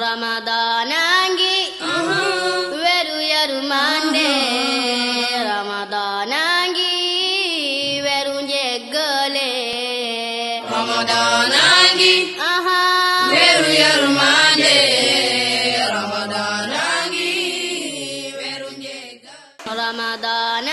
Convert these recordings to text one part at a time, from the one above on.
ramadaanangi weru uh-huh. yërmande uh-huh. ramadaanangi weru njëggale ramadaanangi weru weru njëggale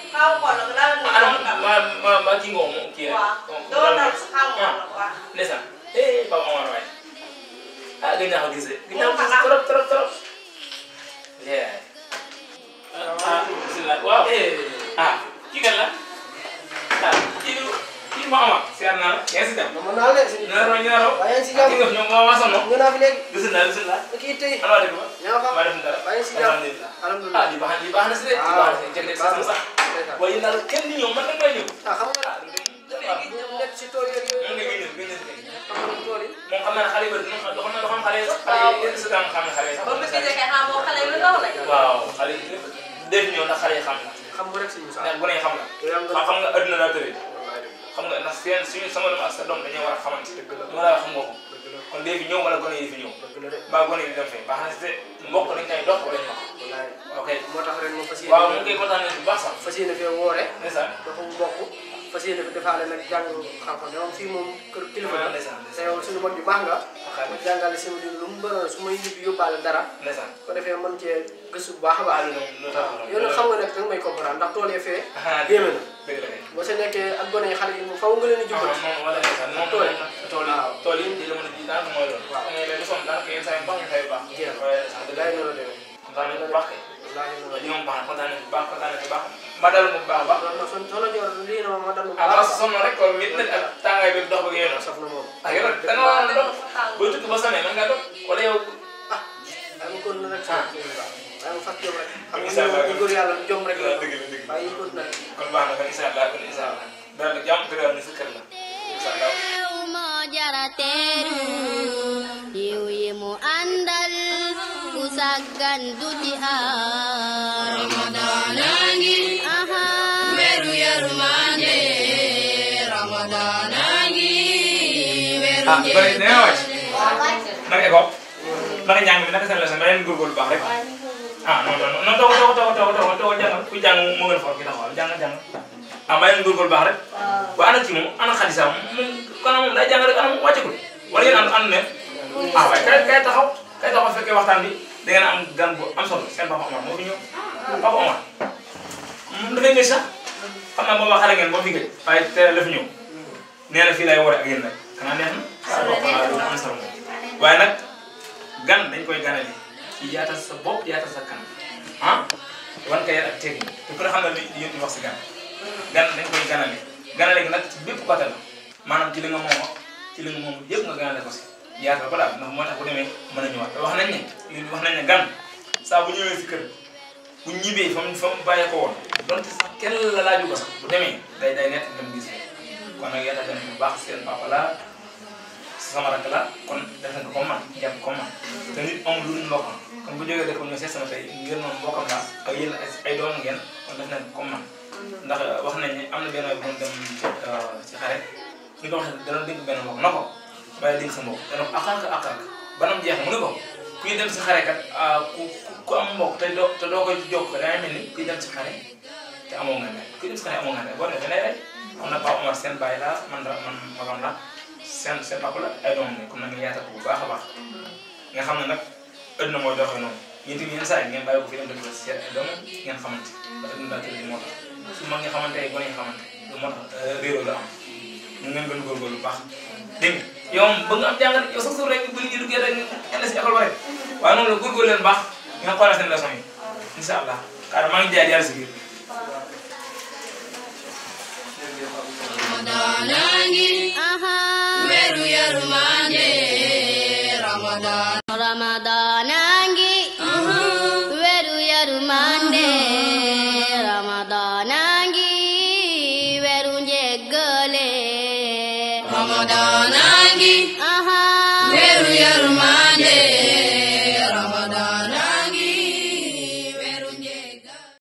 Bamba kii nga moom kii rek. waaw ndeysaan eh Baba Omar waay ah gëj naa ko gis de. gëj naa ko gis trop trop trop. mën naa leen sëñ bi ñaar mooy ñaar waaye ñu si jàmm ñoom moo ma sonn ñu naa fi léegi bisimilah bisimilah kii tey alaa def ñaa fa ma def dara waaye si jàmm alhamdulilah ah di baax di baax na si de ah. di baax na si jëndee sax sax waaye daal kenn ni ñoom man da ngay ñëw ah xam nga ñu nekk si tool yi ñu ngi ñëw ñu ngi ñëw xam nga tool yi moom xam naa xale yi dina xam doxal na doxal xale yi sax xale yi si daan xam na xale yi sax ba mu fekkee xanaa moom xale yi lu ndaw la waaw xale yi def ñëw na xale yi xam na xam bu rek si ñu sax bu ne xam na xam nga adduna daa tëri xam nga ndax seen suñu sama doom ak sa doom dañoo war a xamante dëgg la ma la xam nga ko kon léegi na bu baax sax fas yéene fee woore ndeysaan dafa mbokk fas yéene fi defaale nag jàng xam-xam moom fii nga ma jàngale sama jur lu mu bëri su may ñibbi yóbbaale dara ndeysaan ko defee mën cee gëstu bu baax a baax yow nag xam nga nag danga may comprendre ndax toolee fee géeme na nekkee ak gone yi xale yi moom faw nga leen a jubal. Ah, waaw wala moom tool yi tool yi di la mën a ji daanaka mooy loolu. waaw eh, mais léegi soxna daanaka yenn saa yi baax na fay baax. jéem laay noonu la demee. kontaan nañu bu baax kay. laay noonu la demee ñoom baax na kontaan nañu bu baax mu a baax. non non son soxna Dior lii dama ma dal mu ah, baax. ah parce que soxna rek kon nit nag ak tàngaay bi dox ba ngeen doon. soxna moom ak ah, yow da nga war a dox. boo tukki ba sonné mën nga dox wala yow ah. am kon nag. waaye mu fàttali rek. kon incha allah xam nga góor yàlla jom rek la. waaye yëngu na la. kon baax na kon incha allah kon incha allah. daal la jàmm te daal a ngi. weeru ah, na nga seen leçon na leen góorgóorlu ah non non non toogo toogo toogo toogo toogo toogo jàngal ku jàng moo gën a for ki taxawal jàngal jàngal ah maa ngi góorgóorlu baax rek waaye ana ci moom ana xadisa moom kon moom day jàng moom wàccagul wala ah, waxtaan bi da am gan bu am solo seen moo fi ñëw papa moom fi gëj waaye teel la gan dañ koy ganali ci yaatal sa bopp yaatal sa kanam ah wan ko teg te ku ne xam na li yéen di wax si gan gi nag ci bépp côté la maanaam ci li moom ci li nga yëpp nga ganale ko si yaatal moo tax bu demee mën a ñëwaat te wax nañ wax nañ ne gan saa bu ñëwee bu ñibbee fa mu bàyyee ko woon donte sax kenn la laaju ko bu demee day day nekk dem gisee kon nag bu baax seen papa sama rakk la kon def na ko comme man jàpp comme man te nit amul lu dul mbokkam kon bu jógee dëkk ñëw seet sama tey ngir noonu mbokkam la ak yéen ay kon ko comme man ndax euh, wax na benn bu mu dem euh, ci xare ñu ko waxee dana dégg benn mbokk na ko waaye dégg sa mbokk dana ko akaak akaak banam jeex mu ne ko kuy dem si xare kat euh, ku am mbokk te doo te doo koy jokk dangay mel ni kuy dem si xare te amoo nga ne kuy dem si xare amoo nga ne boo demee day am na Paa Omar seen bàyyi la man man magam la seen seen papa la ay doom lañ comme na nga yaatal ko bu baax a baax nga xam ne nag ëllëg mooy doxee noonu yéen tamit yenn saa yi ngeen bàyyi ko fi dem def seen ay doom ngeen xamante ndax ëllëg daal tëdd moo tax su mag nga xamante ay gone nga xamante lu moo tax euh, réew la am ñu ngeen gën góorgóorlu bu baax dégg nga yow ba nga am jàngat yow sax suuf rek bu nit ñi duggee rek ngeen si école ba rek waaye noonu la góorgóorlu leen baax ngeen xoolal seen leçon yi incha allah kaara maa ngi jaay jaar si biir Ramadan a ngi yërmande Ramadan Ramadan angi weeru yërmande Ramadan angi weeru njëggale